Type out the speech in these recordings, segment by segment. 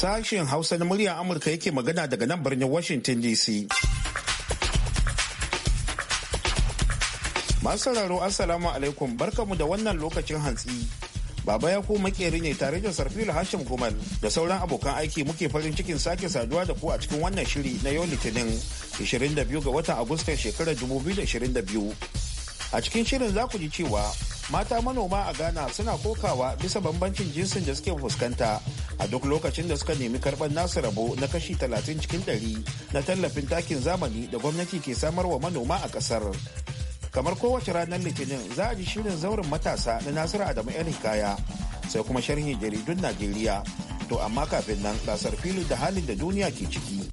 Sashen Hausa na muryar Amurka yake magana daga nan birnin Washington DC. Masu sauraro Assalamu alaikum barkamu da wannan lokacin hantsi. Baba ya ku makeri ne tare da Sarfila Hashim kumal da sauran abokan aiki muke farin cikin sake saduwa da ku a cikin wannan shiri na yau Litinin 22 ga watan Agustan shekarar 2022. A cikin shirin za ku ji cewa mata manoma a ghana suna kokawa bisa bambancin jinsin da suke fuskanta a duk lokacin da suka nemi karɓar nasu rabo na kashi 30 cikin 100 na tallafin takin zamani da gwamnati ke samarwa manoma a ƙasar kamar kowace ranar litinin za a ji shirin zaurin matasa na nasiru adamu yan hikaya sai kuma sharhin jaridun najeriya to amma kafin nan ƙasar filin da halin da duniya ke ciki.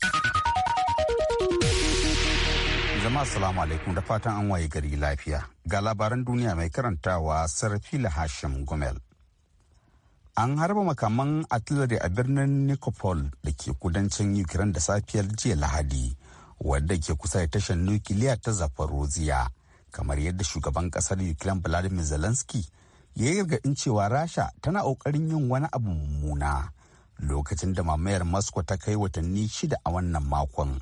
Jama'a salamu alaikum da fatan an waye gari lafiya. Ga labaran duniya mai karantawa Sarfila Hashim Gumel. An harba makaman artillery a birnin Nikopol da ke kudancin Ukraine da safiyar jiya Lahadi, wadda ke kusa da tashar nukiliya ta Zaporozhia, kamar yadda shugaban kasar Ukraine Vladimir Zelensky ya yi gargaɗin cewa Rasha tana ƙoƙarin yin wani abu mummuna lokacin da mamayar Moscow ta kai watanni shida a wannan makon.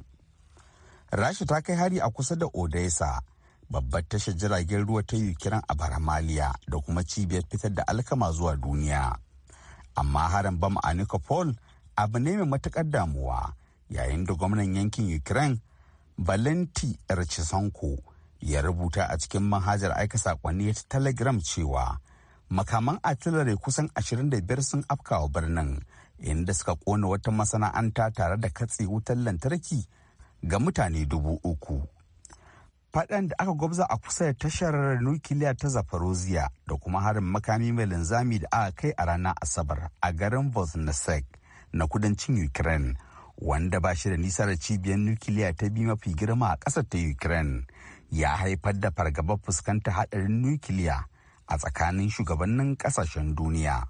rasha ta kai hari a kusa da odessa babbar tashar jiragen ruwa ta ukraine a baramaliya da kuma cibiyar fitar da alkama zuwa duniya amma harin bam a nikopol abu ne mai matukar damuwa yayin da gwamnan yankin ukraine valenti rachisanko ya rubuta a cikin manhajar aika sakonni ta telegram cewa makaman artillery kusan 25 sun afkawa birnin inda suka kona wata masana'anta tare da katse wutar lantarki ga mutane dubu uku. Faɗan da aka gwabza a kusa da tashar nukiliya ta Zaporozhye da kuma harin makami mai linzami da aka kai a ranar Asabar a garin Voznesek na kudancin Ukraine wanda ba shi da nisa da cibiyar nukiliya ta bi mafi girma a ƙasar ta Ukraine ya haifar da fargabar fuskantar haɗarin nukiliya a tsakanin shugabannin ƙasashen duniya.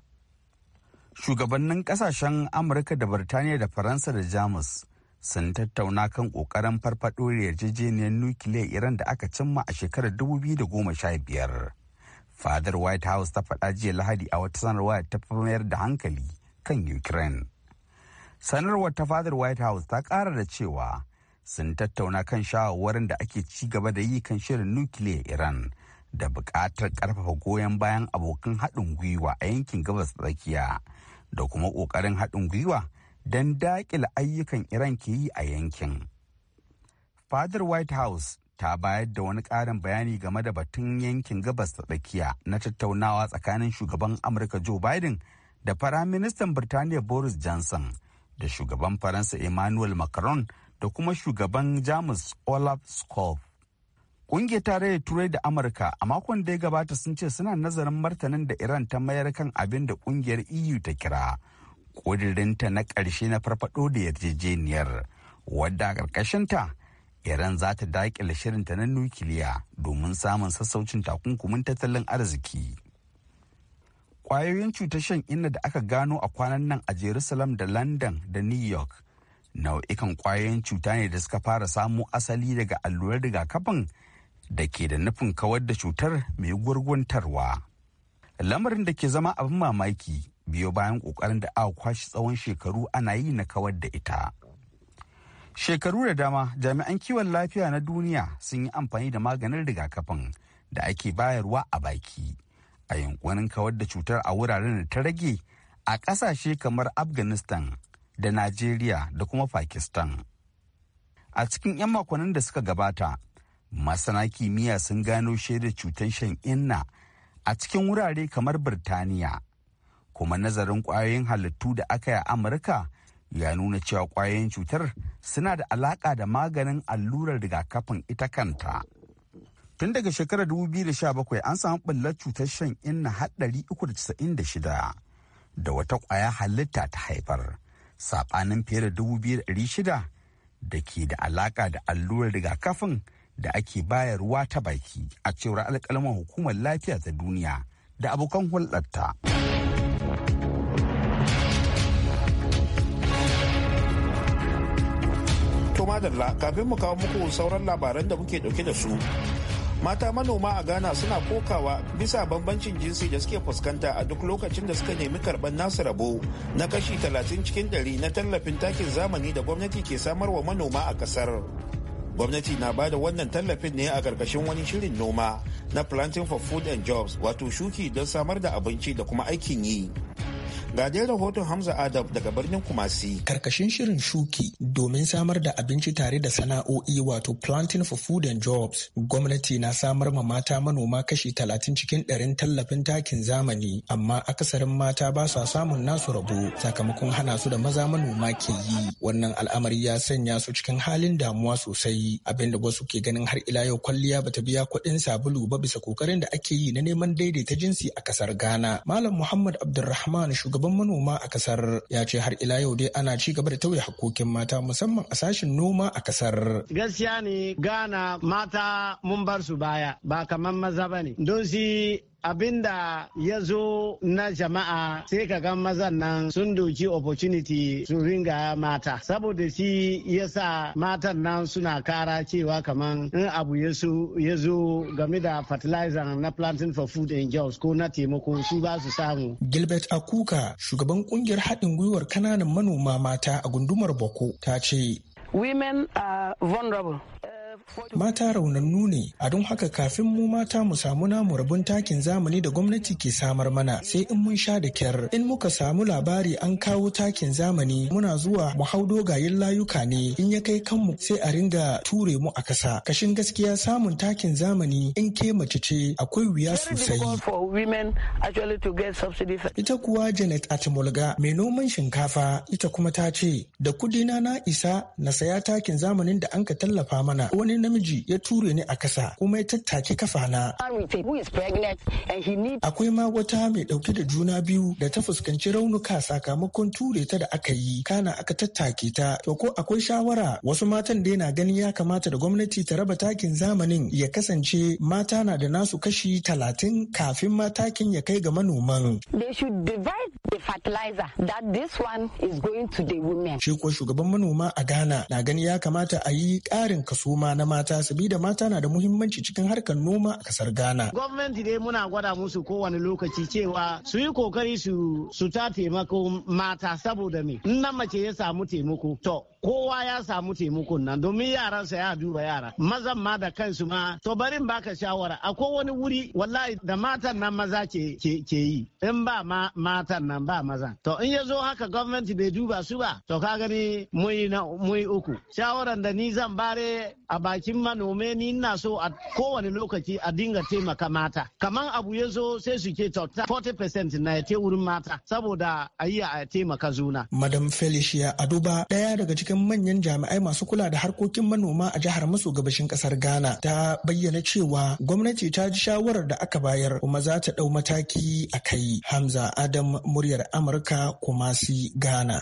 Shugabannin ƙasashen Amurka da Birtaniya da Faransa da Jamus sun tattauna kan ƙoƙarin farfaɗo yarjejeniyar nukiliya Iran da aka cimma a shekarar 2015. Fadar White House ta faɗa jiya Lahadi a wata sanarwa ta mayar da hankali kan Ukraine. Sanarwar ta Fadar White House ta ƙara da cewa sun tattauna kan shawarwarin da ake ci gaba da yi kan shirin nukiliya Iran da bukatar karfafa goyon bayan abokan haɗin gwiwa a yankin gabas tsakiya da kuma ƙoƙarin haɗin gwiwa don dakila ayyukan iran ke yi a yankin fadar white house ta bayar da wani ƙarin bayani game da batun yankin gabas ta tsakiya na tattaunawa tsakanin shugaban amurka joe biden da faraministan birtaniya boris johnson da shugaban faransa emmanuel macron da kuma shugaban jamus olaf scholz Ƙungiyar tarayyar Turai da Amurka a makon da ya gabata sun ce suna nazarin martanin da Iran ta mayar kan abin da ƙungiyar EU ta kira Ƙudirinta na ƙarshe na farfaɗo da yarjejeniyar wadda ƙarƙashinta iran za ta daƙile shirinta na nukiliya domin samun sassaucin takunkumin tattalin arziki ƙwayoyin cutar shan inna da aka gano a kwanan nan a jerusalem da london da new york nau'ikan ƙwayoyin cuta ne da suka fara samo asali daga allurar rigakafin da ke da nufin kawar da cutar mai gurguntarwa lamarin da ke zama abin mamaki biyo bayan kokarin da aka kwashi tsawon shekaru ana yi na kawar da ita shekaru da dama jami'an kiwon lafiya na duniya sun yi amfani da maganin rigakafin da ake bayarwa a baki a yankunan kawar da cutar a wuraren da ta rage a ƙasashe kamar afghanistan da najeriya da kuma pakistan a cikin 'yan makonnin da suka gabata masana kimiyya sun gano shaidar cutar shan inna a cikin wurare kamar birtaniya kuma nazarin kwayoyin halittu da aka yi a amurka ya nuna cewa kwayoyin cutar suna da alaka da maganin allurar rigakafin ita kanta tun daga shekarar 2017 an samu ɓullar cutar shan inna haɗari 396 da wata kwaya halitta ta haifar saɓanin fiye da 2,600 da ke da alaka da allurar rigakafin da ake bayarwa ta baki a cewar alƙalman hukumar lafiya ta duniya da abokan hulɗarta. to madalla kafin mu kawo muku sauran labaran da muke dauke da su. Mata manoma a Ghana suna kokawa bisa bambancin jinsi da suke fuskanta a duk lokacin da suka nemi karɓar nasu rabo na kashi talatin cikin 100 na tallafin takin zamani da gwamnati ke samarwa manoma a kasar gwamnati na ba da wannan tallafin ne a ƙarƙashin wani shirin noma na planting for food and jobs wato shuki don samar da abinci da kuma aikin yi Ga dai rahoton Hamza Adam daga birnin Kumasi. Karkashin shirin shuki domin samar da abinci tare da sana'o'i wato planting for food and jobs. Gwamnati na samar ma mata manoma kashi talatin cikin ɗarin tallafin takin zamani amma akasarin mata ba sa samun nasu rabo sakamakon hana su da maza manoma ke yi. Wannan al'amari ya sanya su cikin halin damuwa sosai abinda wasu ke ganin har ila yau kwalliya bata biya kuɗin sabulu ba bisa kokarin da ake yi na neman daidaita jinsi a kasar Ghana. Malam Muhammad Abdulrahman shugaban shugaban manoma a kasar ya ce har ila yau dai ana ci gaba da tauye hakokin mata musamman a sashen noma a kasar. Gaskiya ne Gana mata mun bar su baya ba kamar maza ba ne. Don si Abin da ya zo na jama'a sai ka ga mazan nan sun doki opportunity su ringa mata saboda shi ya sa matan nan suna kara cewa kamar in abu ya zo game da fertilizer na planting for food and girls ko na taimako su ba su samu. Gilbert Akuka shugaban kungiyar haɗin gwiwar kananan manoma mata a gundumar Boko ta ce. Women are vulnerable. Mata raunannu ne, a don haka kafin mu mata mu samu namu rabun takin zamani da gwamnati ke samar mana sai in mun sha da kyar. In muka samu labari an kawo takin zamani muna zuwa mu hau dogayen layuka ne in ya kai kanmu sai a ringa ture mu a kasa. Kashin gaskiya samun takin zamani in ke mace ce akwai wuya sosai. Ita kuwa Janet Atimulga mai noman shinkafa ita kuma ta ce da kudina na isa na saya takin zamanin da an ka tallafa mana wani wani namiji ya ture ni a kasa kuma ya tattake kafana. Akwai ma wata mai dauke da juna biyu da ta fuskanci raunuka sakamakon ture ta da aka yi kana aka tattake ta. To ko akwai shawara wasu matan da yana ganin ya kamata da gwamnati ta raba takin zamanin ya kasance mata na da nasu kashi talatin kafin matakin ya kai ga manoman. Shi ko shugaban manoma a Ghana na gani ya kamata a yi karin kaso ma na na mata sabida mata na da muhimmanci cikin harkar noma a kasar Ghana. Gwamnati dai muna gwada musu kowane lokaci cewa su yi kokari su ta taimako mata saboda me in mace ya samu taimako to kowa ya samu taimakon nan domin yaransa ya duba yara mazan ma da kansu ma to barin baka shawara akwai wani wuri wallahi da matan nan maza ke yi in ba ma matan nan ba maza to in ya zo haka gwamnati bai duba su ba to ka gani mun uku shawaran da ni zan bare a bakin manome ni ina so a kowane lokaci a dinga taimaka mata kamar abu ya zo sai su ke 40% na ya te wurin mata saboda a yi a taimaka zuna madam felicia aduba daya daga cikin ofishin manyan jami'ai masu kula da harkokin manoma a jihar maso gabashin kasar Ghana ta bayyana cewa gwamnati ta ji shawarar da aka bayar kuma za ta ɗau mataki a kai. Hamza Adam muryar Amurka Kumasi Ghana.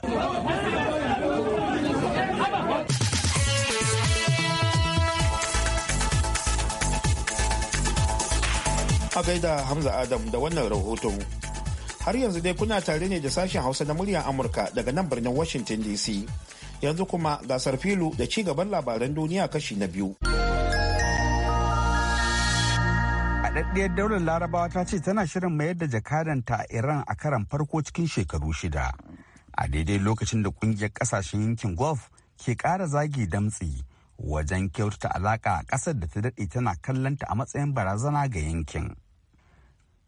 a gaida Hamza Adam da wannan rahoton. Har yanzu dai kuna tare ne da sashen Hausa na muryar Amurka daga nan birnin Washington DC. yanzu kuma gasar filu da ci gaban labaran duniya kashi na biyu. haɗaɗɗiyar daular larabawa ta ce tana shirin mayar da jakadanta a iran a karan farko cikin shekaru shida a daidai lokacin da ƙungiyar ƙasashen yankin golf ke ƙara zagi damtsi wajen kyautata alaƙa a ƙasar da ta daɗe tana kallonta a matsayin barazana ga yankin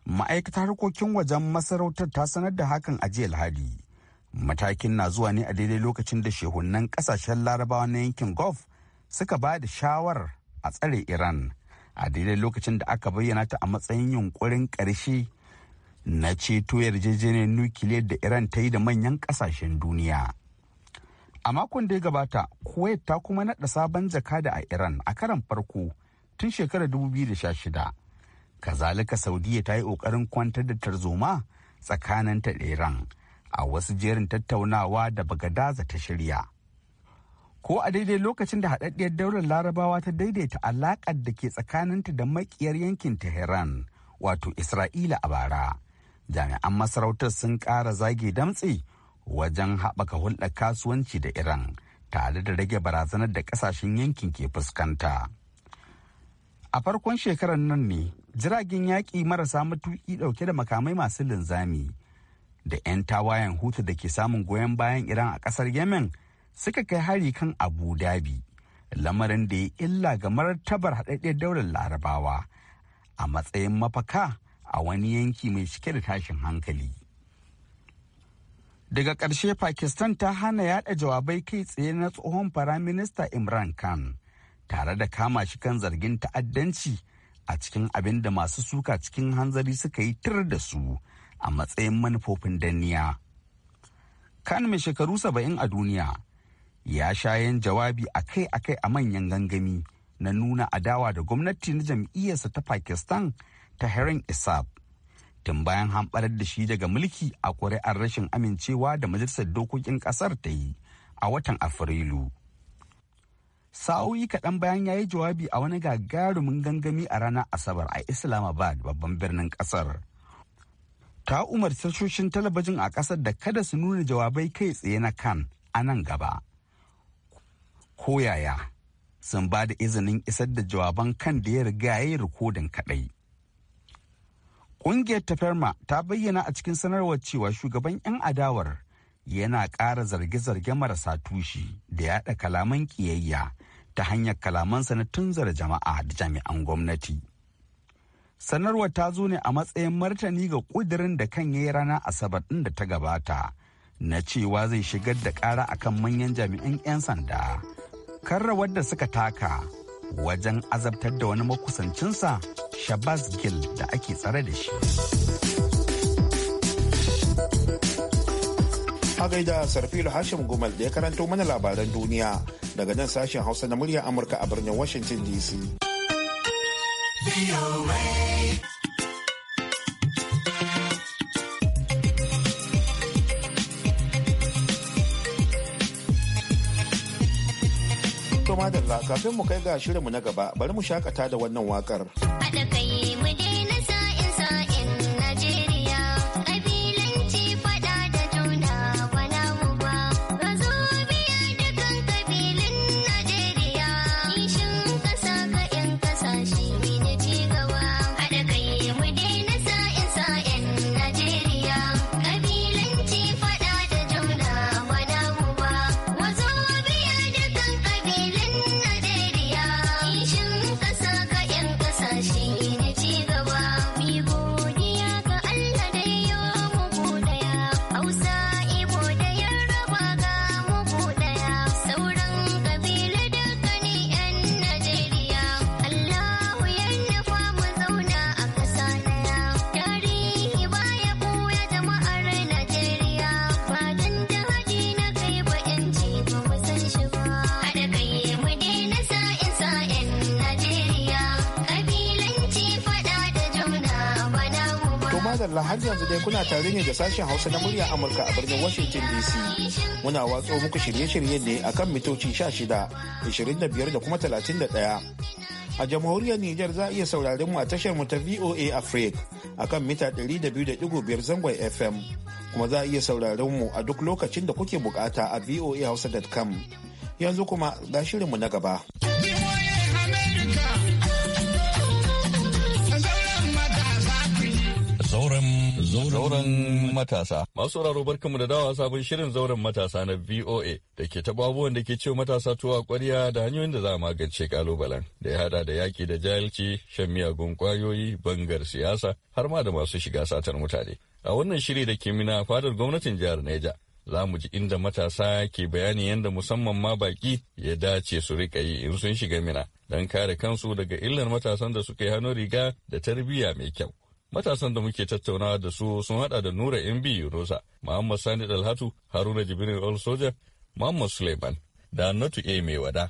ma'aikatar harkokin wajen masarautar ta sanar da hakan a jiya lahadi matakin na zuwa ne a daidai lokacin da shehunan kasashen larabawa na yankin gulf suka ba da shawar a tsare iran a daidai lokacin da aka bayyana ta a matsayin yunkurin ƙarshe na ceto yarjejeniyar nukiliyar da iran ta yi da manyan kasashen duniya a makon da ya gabata kuwait ta kuma naɗa sabon jakada a iran a karan farko tun shekarar 2016 kazalika saudiya ta yi ƙoƙarin kwantar da tarzoma tsakaninta da iran a wasu jerin tattaunawa da Baga-Daza ta shirya ko a daidai lokacin da haɗaɗɗiyar daular larabawa ta daidaita alaƙar da ke tsakaninta da maƙiyar yankin tehran wato isra'ila a bara jami'an masarautar sun ƙara zage damtse wajen haɓaka hulɗar kasuwanci da iran tare da rage barazanar da ƙasashen yankin ke fuskanta a farkon shekarar nan ne jiragen yaƙi marasa matuƙi ɗauke da makamai masu linzami da 'yan tawayen hutu da ke samun goyon bayan iran a kasar yemen suka kai hari kan abu dhabi lamarin da ya illa ga martabar haɗaɗɗiyar daular larabawa a matsayin mafaka a wani yanki mai cike da tashin hankali daga ƙarshe pakistan ta hana yada jawabai kai tsaye na tsohon firaminista imran khan tare da kama shi kan zargin ta'addanci a cikin abin da masu suka cikin hanzari suka yi tir da su a matsayin manufofin danniya. kan mai shekaru saba'in a duniya ya sha jawabi akai-akai a manyan gangami na nuna adawa da gwamnati na jam'iyyarsa ta pakistan ta herin isab tun bayan hamɓarar da shi daga mulki a ƙuri'ar rashin amincewa da majalisar dokokin ƙasar ta yi a watan afrilu sa'o'i kaɗan bayan ya yi jawabi a wani gagarumin gangami a ranar asabar a islamabad babban birnin ƙasar ta umarci tashoshin talabijin a ƙasar da kada su nuna jawabai kai tsaye na kan a nan gaba. Koyaya sun ba da izinin isar da jawaban kan da ya riga ya yi rikodin kaɗai. Ƙungiyar tafarma ta bayyana a cikin sanarwar cewa shugaban 'yan adawar yana ƙara zarge-zarge marasa tushi da yaɗa kalaman ƙiyayya ta hanyar kalamansa na tunzara jama'a da jami'an gwamnati. sanarwar ta zo ne a matsayin martani ga kudirin da kan yayi rana asabar ɗin da ta gabata na cewa zai shigar da ƙara akan manyan jami'an 'yan sanda karrawar da suka taka wajen azabtar da wani makusancinsa shabazz gil da ake tsare da shi a gaida sarfilu hashim gumal da ya karanto mana labaran duniya daga nan sashen hausa na murya amurka a birnin washington dc Toma da kafin mu kai ga shirinmu na gaba bari mu shakata da wannan waƙar. Haɗa kai har yanzu dai kuna tare ne da sashen hausa na murya amurka a birnin washington dc muna watso muku shirye-shirye ne akan mitoci 16 25 da kuma 31 a jamhuriyar niger za a iya saurarin mu a tashar mu ta voa africa akan mita 200.5 zangon fm kuma za a iya saurarin mu a duk lokacin da kuke bukata a voahausa.com yanzu kuma ga shirinmu na gaba. Zauren matasa. Masu sauraro barkanmu da dawa sabon shirin zauren matasa na VOA da ke taɓa abubuwan da ke ce matasa tuwa ƙwarya da hanyoyin da za a magance kalubalen da ya haɗa da yaƙi da jahilci, shan miyagun ƙwayoyi, bangar siyasa har ma da masu shiga satar mutane. A wannan shiri da ke mina fadar gwamnatin jihar Neja. Za mu ji inda matasa ke bayani yadda musamman ma baki ya dace su riƙa yi in sun shiga mina don kare kansu daga illar matasan da suka yi hannun riga da tarbiyya mai kyau. Matasan da muke tattaunawa da su sun hada da Nura MB Yunusa, Muhammad Sani Dalhatu, Haruna jibril Old Soldier, Muhammad Suleiman da Natu A. Mai wada.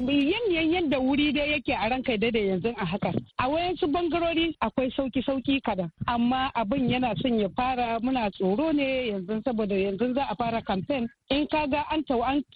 yin yadda wuri dai yake a ranka da yanzu a haka a wayansu bangarori akwai sauki sauki kadan amma abin yana son ya fara muna tsoro ne yanzu saboda yanzu za a fara kamfen in kaga an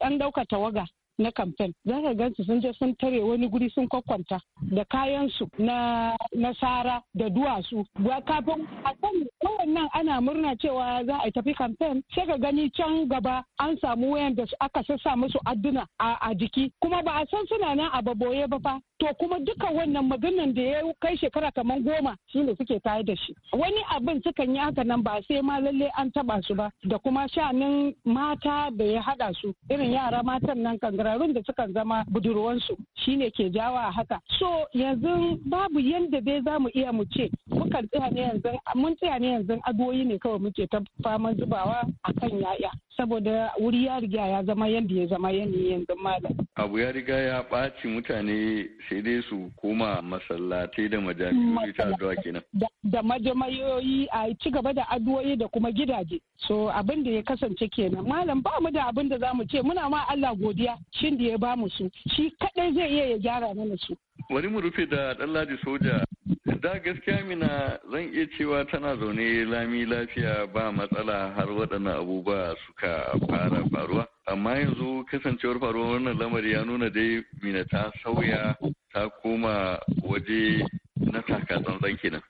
an dauka tawaga na kamfen za ka gansu sun je sun tare wani guri sun kwakwanta da kayansu na nasara da duwatsu kafin a kan kowannan ana murna cewa za a tafi kamfen sai ka gani can gaba an samu wayan da aka sassa musu adduna a jiki kuma ba a san suna nan a baboye ba fa to kuma duka wannan maganan da ya kai shekara kamar goma ne suke tare da shi wani abin sukan yi haka nan ba sai ma lalle an taba su ba da kuma sha'anin mata da ya hada su irin yara matan nan kan tsirarun da sukan zama budurwansu shine ke jawa haka so yanzu babu yanda dai za mu iya mu ce mukan tsaya ne yanzu mun tsaya ne yanzu agoyi ne kawai muke ta faman zubawa akan yaya saboda wuri ya riga ya zama yadda ya zama yanayi yanzu malam. Abu ya riga ya ɓaci mutane sai dai su koma masallatai da majami'o'i ta addu'a kenan. Da majami'o'i a ci gaba da addu'o'i da kuma gidaje. So abin da ya kasance kenan. Malam ba mu da abin da za mu ce muna ma Allah godiya shin da ya ba mu su. Shi kaɗai zai iya ya gyara mana su. Wani mu rufe da Ɗanladi Soja da gaskiya mina zan iya cewa tana zaune lami lafiya ba matsala har waɗannan abubuwa suka fara faruwa amma yanzu kasancewar faruwar wannan lamari ya nuna dai mina ta sauya ta koma waje na takatsantsan kenan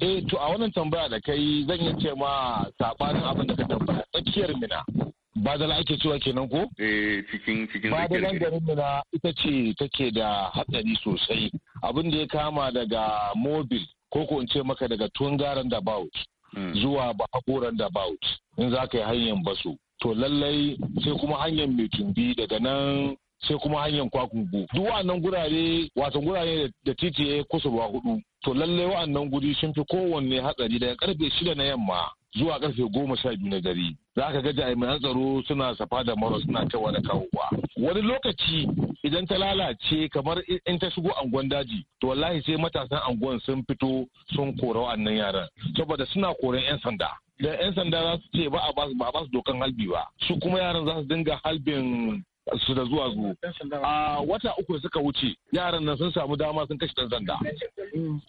eh to a wannan tambaya da kai zan iya ce ma sabanin abin da ka tambaya tsakiyar mina badala ake cewa kenan ko? Eh cikin cikin da garin mina ita ce take da hatsari sosai abin da ya kama daga mobil ko in ce maka daga tungaren da baut hmm. zuwa bahagoran da baut in za ka yi hanyar baso to lallai sai kuma hanyar mai tumbi daga nan sai kuma hanyar kwakungu duk wa'annan gurare wato gurare da titi ya kusurwa hudu to lallai wa'annan guri sun fi kowanne hatsari daga karfe shida na yamma zuwa karfe goma sha biyu na dare za ka ga jami'an tsaro suna safa da maro suna cewa da kawowa wani lokaci idan ta lalace kamar in ta shigo anguwan daji to wallahi sai matasan anguwan sun fito sun kora wa'annan yaran saboda suna koran 'yan sanda da 'yan sanda za su ce ba a ba su dokan halbi ba su kuma yaran za su dinga halbin su da zuwa zu a wata uku suka wuce yaran nan sun samu dama sun kashe dan sanda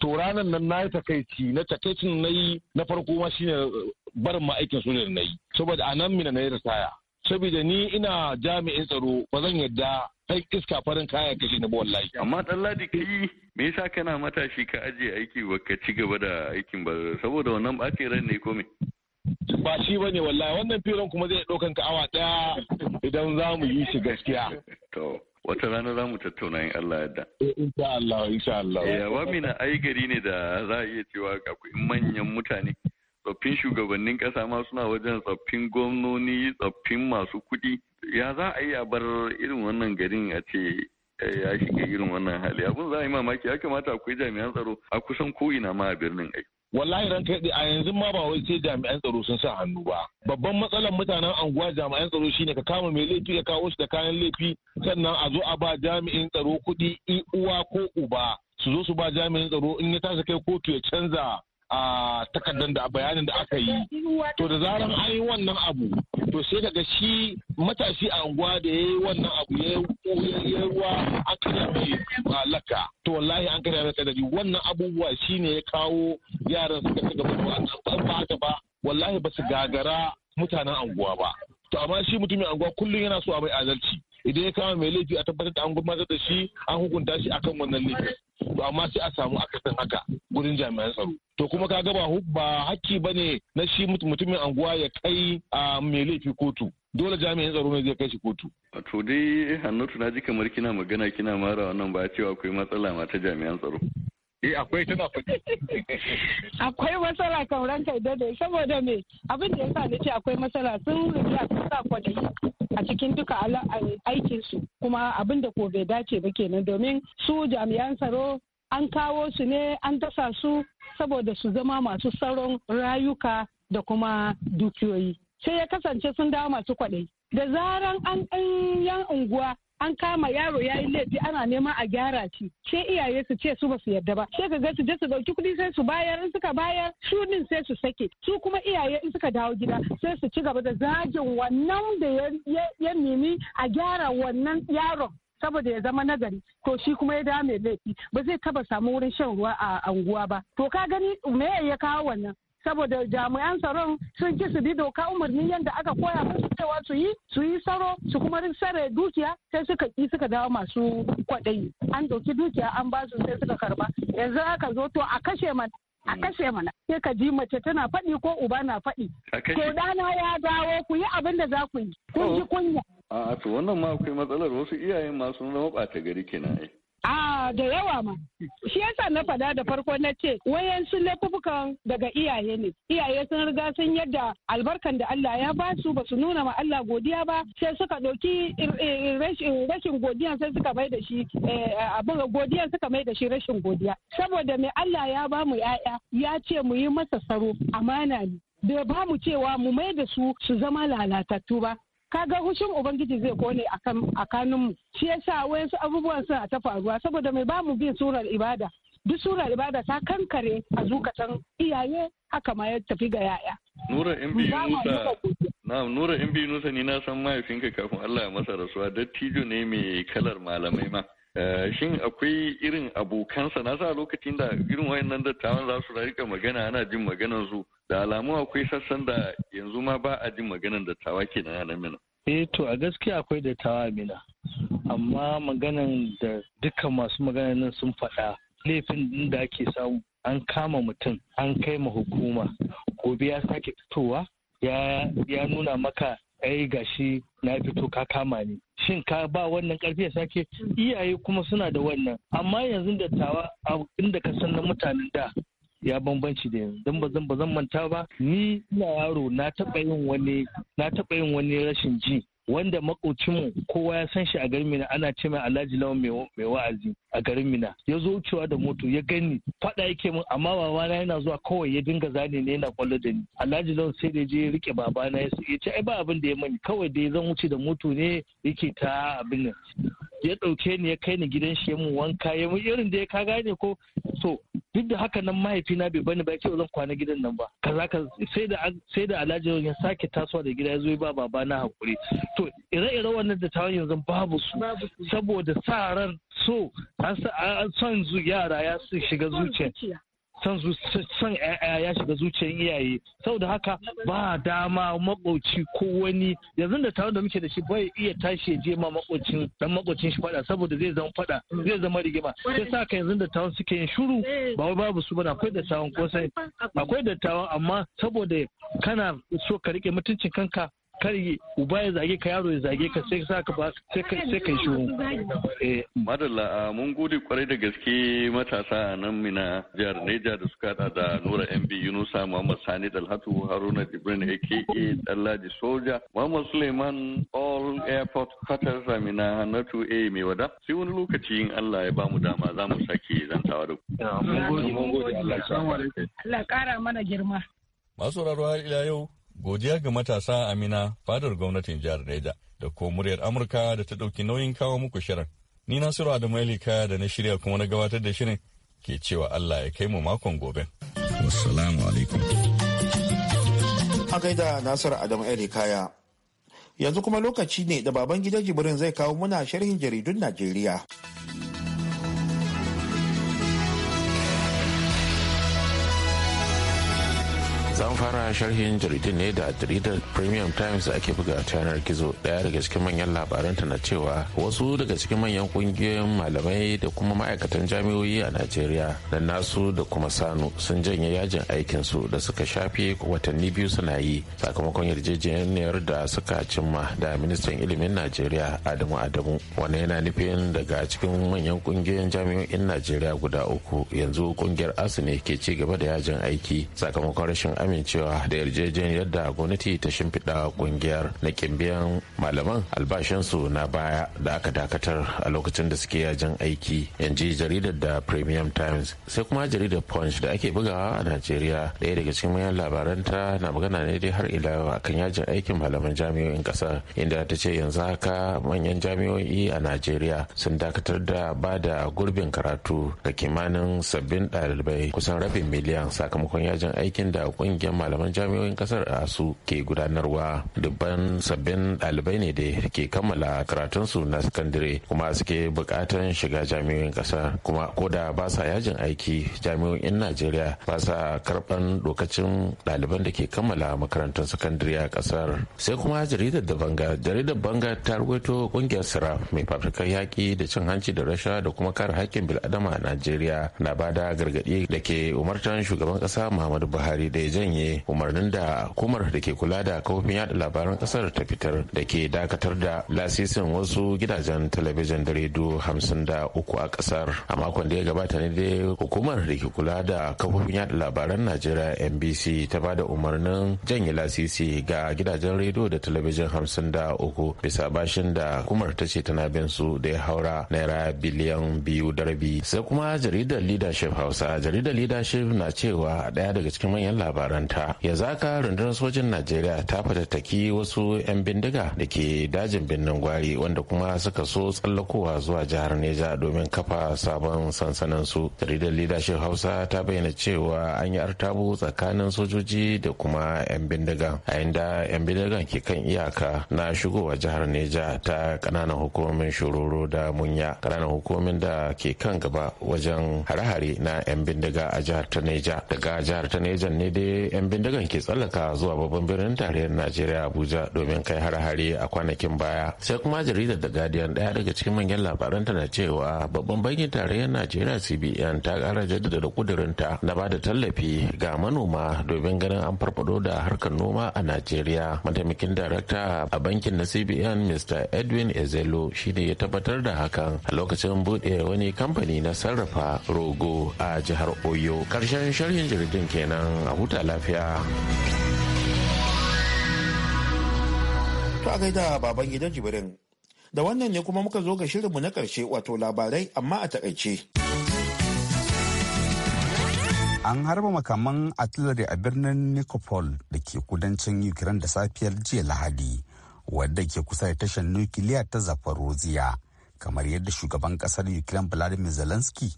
to ranan nan na yi takaici na takaicin na yi na farko ma shine uh, barin ma'aikin su ne na yi saboda a nan mina na yi ritaya saboda ni ina jami'in tsaro ba zan yadda sai iska farin kaya kashe na layi. amma dan ladi kai me yasa kana matashi ka ajiye aiki ba ka ci gaba da aikin ba saboda wannan bacin ran ne ko me ba shi bane wallahi wannan filin kuma zai ɗaukan ka awa ɗaya idan za mu yi shi gaskiya. To, wata rana za mu tattauna in Allah yadda. Eh, insha Allah, insha Allah. Yawa eh, mina ai gari ne da za a iya cewa akwai manyan mutane. Tsoffin shugabannin ƙasa ma suna wajen tsoffin gwamnoni, tsoffin masu kuɗi. Ya za a yi a bar irin wannan garin a ce eh, ya shiga irin wannan hali abun za a yi mamaki ya kamata akwai jami'an tsaro a kusan ko'ina ma a birnin ai wallahi ran kai a yanzu ma ba wai sai jami'an tsaro sun sa hannu ba babban matsalar mutanen anguwa jami'an tsaro shine ka kama mai laifi ka kawo shi da kayan laifi sannan a zo a ba jami'in tsaro kuɗi uwa ko uba su zo su ba jami'in tsaro in ya tashi kai kotu ya canza a takardar da bayanin da aka yi to da zaran an yi wannan abu to sai daga shi matashi a unguwa da ya yi wannan abu ya yi ruwa an karya mai laka to wallahi an karya mai kadari wannan abubuwa shine ya kawo yaran suka ci gaba da ba haka ba wallahi ba su gagara mutanen unguwa ba to amma shi mutumin unguwa kullum yana so a mai adalci idan ya kama mai laifi a tabbatar da an gudanar da shi an hukunta shi akan wannan laifin amma sai a samu akasin haka gurin jami'an tsaro to kuma ka gaba ba hakki ba ne na shi mutumin anguwa ya kai a mai laifi kotu dole jami'an tsaro ne zai kai shi kotu to dai hannatu na ji kamar kina magana kina mara wannan ba cewa akwai matsala ma ta jami'an tsaro Eh, akwai tana kuɗi. Akwai matsala kan ranka dade saboda me abin da yasa nace akwai matsala sun riga sun sa a cikin duka aikin su kuma abin da ko bai dace ba kenan domin su jami'an tsaro an kawo su ne an dasa su saboda su zama masu tsaron rayuka da kuma dukiyoyi. Sai ya kasance sun dawo masu kwaɗayi. Da zaran an yan unguwa an kama yaro ya yi laifi ana nema a gyara shi sai iyaye su ce su basu yarda ba sai ka ga su je su dauki kuɗi sai su bayar in suka bayar shunin sai su sake su kuma iyaye in suka dawo gida sai su ci gaba da zagin wannan da ya nemi a gyara wannan yaron saboda ya zama nagari to shi kuma ya dame laifi ba zai taba samu wurin shan ruwa a anguwa ba to ka gani me ya kawo wannan saboda jami'an tsaron sun ki su bi doka umarni yadda aka koya musu cewa su yi su yi tsaro su kuma sare dukiya sai suka ki suka dawo masu kwaɗayi an ɗauki dukiya an ba su sai suka karba yanzu aka zo to a kashe mana a hmm. kashe mana sai ka ji mace tana faɗi ko uba na faɗi to dana ya dawo ku yi abin da za ku yi kun ji oh. kunya a to wannan ma akwai matsalar wasu iyayen masu zama ɓata gari kenan eh. A da yawa ma. Shi yasa na faɗa da farko na ce wayansu laifukan daga iyaye ne. Iyaye sun riga sun yadda albarkan da Allah ya ba su ba su nuna ma Allah godiya ba sai suka ɗauki rashin godiya sai suka mai da shi eh, abin godiya suka mai da shi rashin godiya. Saboda mai Allah ya ba mu 'ya'ya ya ce mu yi masa tsaro amana ne. da ba mu cewa mu mai da su su zama lalatattu ba kaga hushin ubangiji zai kone a kanunmu shi yasa wayansu abubuwan suna ta faruwa saboda mai mu bin surar ibada duk surar ibada ta kankare a zukatan iyaye haka ma ya tafi ga yaya nura in biyu na nura in biyu nusa ni na san mahaifinka kafin Allah ya masa rasuwa dattijo ne mai kalar malamai ma Eh, shin akwai irin abokansa na sa lokacin da irin wayannan dattawan za su rika magana ana jin maganar su da alamu akwai sassan da yanzu ma ba a jin maganar dattawa kenan a nan mina eh to a gaskiya akwai dattawa a mina amma maganan da dukkan masu magana nan sun faɗa laifin da ake samu an kama mutum an kai ma hukuma gobe ya sake fitowa ya nuna maka ai gashi na fito ka kama ni shin ka ba wannan karfi ya sake iyaye kuma suna da wannan amma yanzu da tawa inda ka san na mutanen da ya bambanci da yanzu don bazan bazan manta ba ni na yaro na taɓa yin wani na taɓa yin wani rashin ji wanda makocinmu kowa ya san shi a garin mina ana ce mai alhaji lawan mai wa'azi a garin mina ya zo wucewa da moto ya gani fada yake min amma babana yana zuwa kawai ya dinga zane ne yana kwallo da ni alhaji lawan sai da je ya rike babana ya ce ai ba abin da ya mani kawai da ya zan wuce da moto ne yake ta abin nan ya dauke ni ya kai ni gidan shi ya mun wanka ya mun irin da ya ka gane ko so duk da haka nan mahaifina bai bani ba ce zan kwana gidan nan ba kaza ka sai da alhaji ya sake tasowa da gida ya zo ba baba na hakuri to ire-ire wannan da tawon yanzu babu su saboda sa ran so an son yara ya su shiga zuciya san ya'ya ya shiga zuciyar iyaye saboda haka ba dama makoci ko wani yanzu da tare da muke da shi bai iya tashi ya je ma makocin dan makocin shi fada saboda zai zama fada zai zama rigima sai sa ka yanzu da tawon suke yin shuru ba wai babu su ba akwai da tawon ko akwai da tawon amma saboda kana so ka rike mutuncin kanka kar uba ya zage ka yaro ya zage ka sai sa ka ba sai ka shi. ka eh. madalla mun gode kwarai da gaske matasa a nan mina jihar Neja da suka hada da Nura MB Yunusa Muhammad Sani Dalhatu Haruna Jibrin aka Dallaji Soja Muhammad Suleiman All Airport Qatar Samina Hannatu A mai wada sai wani lokaci in Allah ya bamu dama za mu sake zantawa da ku Allah ya kara mana girma masu rarwa ila yau Godiya ga matasa Amina fadar gwamnatin jihar Neja da ko muryar Amurka da ta ɗauki nauyin kawo muku shirin. Ni Nasiru Adamu Elika da na shirya kuma na gabatar da shirin ke cewa Allah ya kai mu makon gobe. Wassalamu alaikum. A gaida Nasiru Adamu elikaya yanzu kuma lokaci ne da baban gidan jibirin zai kawo muna sharhin jaridun Najeriya. zan fara sharhin jaridin ne da jaridar premium times ake buga ta yanar gizo daya daga cikin manyan labaran ta na cewa wasu daga cikin manyan kungiyoyin malamai da kuma ma'aikatan jami'o'i a najeriya da nasu da kuma sanu sun janye yajin aikinsu da suka shafe watanni biyu suna yi sakamakon yarjejeniyar da suka cimma da ministan ilimin najeriya adamu adamu wannan yana nufin daga cikin manyan kungiyoyin jami'o'in najeriya guda uku yanzu kungiyar asu ne ke ci gaba da yajin aiki sakamakon rashin amincewa da yarjejeniyar da gwamnati ta shimfiɗa kungiyar na kimbiyan malaman albashinsu na baya da aka dakatar a lokacin da suke yajin aiki ji jaridar da premium times sai kuma jaridar punch da ake bugawa a najeriya ɗaya daga cikin manyan labaranta na magana ne dai har ila akan yajin aikin malaman jami'o'in ƙasar inda ta ce yanzu haka manyan jami'o'i a najeriya sun dakatar da ba da gurbin karatu ga kimanin sabbin ɗalibai kusan rabin miliyan sakamakon yajin aikin da kungiyar malaman jami'oyin kasar a su ke gudanarwa dubban sabbin dalibai ne da ke kammala karatunsu na sakandare kuma suke bukatan shiga jami'o'in kasar kuma ko da ba sa yajin aiki jami'o'in najeriya ba sa karban lokacin ɗaliban da ke kammala makarantun sakandare a kasar sai kuma jaridar da banga jaridar banga ta rubuto kungiyar sira mai fafutukar yaƙi da cin hanci da rasha da kuma kare haƙƙin bil'adama a najeriya na bada gargaɗi da ke umartan shugaban ƙasa muhammadu buhari da ya janye umarnin da hukumar da ke kula da kafofin yada labaran kasar ta fitar da ke dakatar da lasisin wasu gidajen talabijin da rediyo hamsin da uku a kasar a makon da ya gabata ne dai hukumar da ke kula da kafofin yada labaran najeriya nbc ta ba da umarnin janye lasisi ga gidajen rediyo da talabijin hamsin da uku bisa bashin da hukumar ta ce tana bin su da ya haura naira biliyan biyu da rabi sai kuma jaridar leadership hausa jaridar leadership na cewa daya daga cikin manyan labaran makaranta ya zaka rundunar sojin najeriya ta fatattaki wasu 'yan bindiga da ke dajin birnin gwari wanda kuma suka so tsallakowa zuwa jihar neja domin kafa sabon sansanin su jaridar leadership hausa ta bayyana cewa an yi artabu tsakanin sojoji da kuma 'yan bindigan a inda 'yan bindigan ke kan iyaka na shigowa jihar neja ta kananan hukumomin shororo da munya kananan hukumomin da ke kan gaba wajen hare-hare na 'yan bindiga a jihar ta neja daga jihar ta neja ne dai 'yan bindigan ke tsallaka zuwa babban birnin tarayyar najeriya abuja domin kai har-hare a kwanakin baya sai kuma jaridar da guardian daya daga cikin manyan labaranta na cewa babban bankin tarayyar najeriya cbn ta kara jaddada da kudurinta na ba da tallafi ga manoma domin ganin an farfado da harkar noma a najeriya mataimakin darakta a bankin na cbn mr edwin ezelo shine ya tabbatar da hakan a lokacin buɗe wani kamfani na sarrafa rogo a jihar oyo ƙarshen sharhin jaridun kenan a huta lafiya to a gaida baban gidan jibirin da wannan ne kuma muka zo ga shirinmu na ƙarshe wato labarai amma a takaice an harba makaman artillery a birnin nikopol da ke kudancin ukraine da safiyar jiya lahadi wadda ke kusa da tashar nukiliya ta zaporozhia kamar yadda shugaban kasar ukraine vladimir zelensky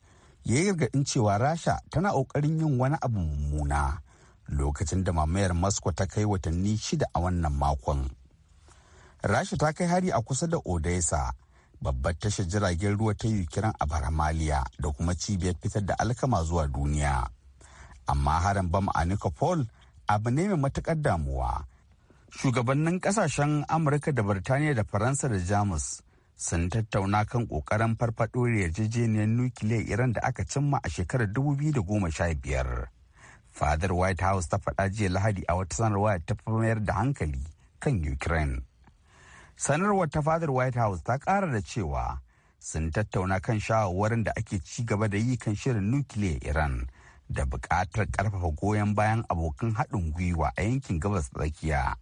ya yi gargaɗin cewa rasha tana ƙoƙarin yin wani abu mummuna lokacin da mamayar moscow ta kai watanni shida a wannan makon rasha ta kai hari a kusa da odessa babbar tashar jiragen ruwa ta kiran a baramaliya da kuma cibiyar fitar da alkama zuwa duniya amma harin bam a nicopol abu ne mai matukar damuwa shugabannin kasashen amurka da birtaniya da faransa da jamus sun tattauna kan kokarin farfaɗo yarjejeniyar nukiliyar iran da aka cimma a shekarar 2015 fadar white house ta faɗa jiya lahadi a wata sanarwa ta mayar da hankali kan ukraine sanarwar ta fadar white house ta ƙara da cewa sun tattauna kan shawarwarin da ake ci gaba da yi kan shirin nukiliya iran da buƙatar ƙarfafa goyon bayan abokan haɗin gwiwa a yankin gabas tsakiya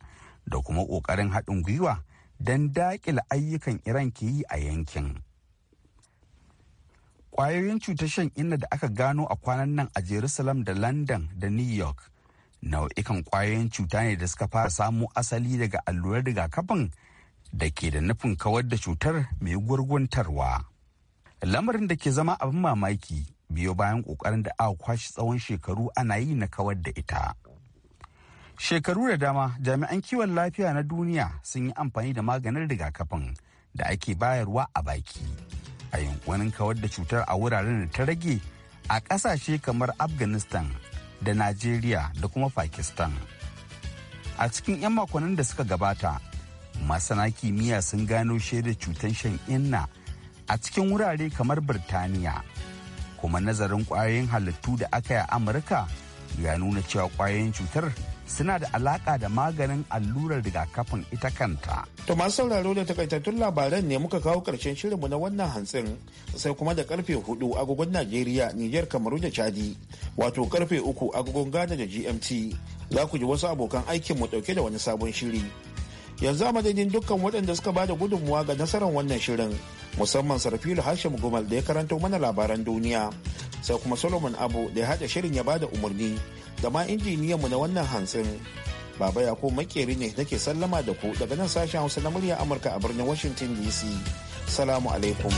da kuma ƙoƙarin haɗin gwiwa don daƙila ayyukan iran ke yi a yankin. kwayoyin cutar shan inna da aka gano a kwanan nan a Jerusalem da London da New York nau'ikan kwayoyin cuta ne da suka fara samu asali daga allurar rigakafin da ke da nufin kawar da cutar mai gurguntarwa. Lamarin da ke zama abin mamaki biyo bayan kokarin da aka kwashe tsawon shekaru ana yi na kawar da ita. Shekaru da dama jami'an kiwon lafiya na duniya sun yi amfani da maganin rigakafin da ake bayarwa a baki. a yunkurin kawar da cutar a wuraren da ta rage a ƙasashe kamar afghanistan da najeriya da kuma pakistan a cikin 'yan makonnin da suka gabata masana kimiyya sun gano shaida cutar shan inna a cikin wurare kamar birtaniya kuma nazarin kwayoyin halittu da aka yi a amurka ya nuna cewa kwayoyin cutar suna da alaka da maganin allurar rigakafin ita kanta. To masu sauraro da takaitattun labaran ne muka kawo karshen shirinmu na wannan hantsin sai kuma da karfe hudu agogon Najeriya, Nijar, Kamaru da Chadi, wato karfe uku agogon Ghana da GMT. Za ku ji wasu abokan aikin mu dauke da wani sabon shiri. Yanzu a madadin dukkan waɗanda suka ba da gudunmuwa ga nasarar wannan shirin, musamman Sarfilu Hashim Gumal da ya karanto mana labaran duniya. sai kuma solomon abu da ya haɗa shirin ya bada umarni da ma injiniyanmu na wannan hantsin baba yako makeri ne nake sallama da ku daga nan sashen hausa na murya amurka a birnin washington dc salamu alaikum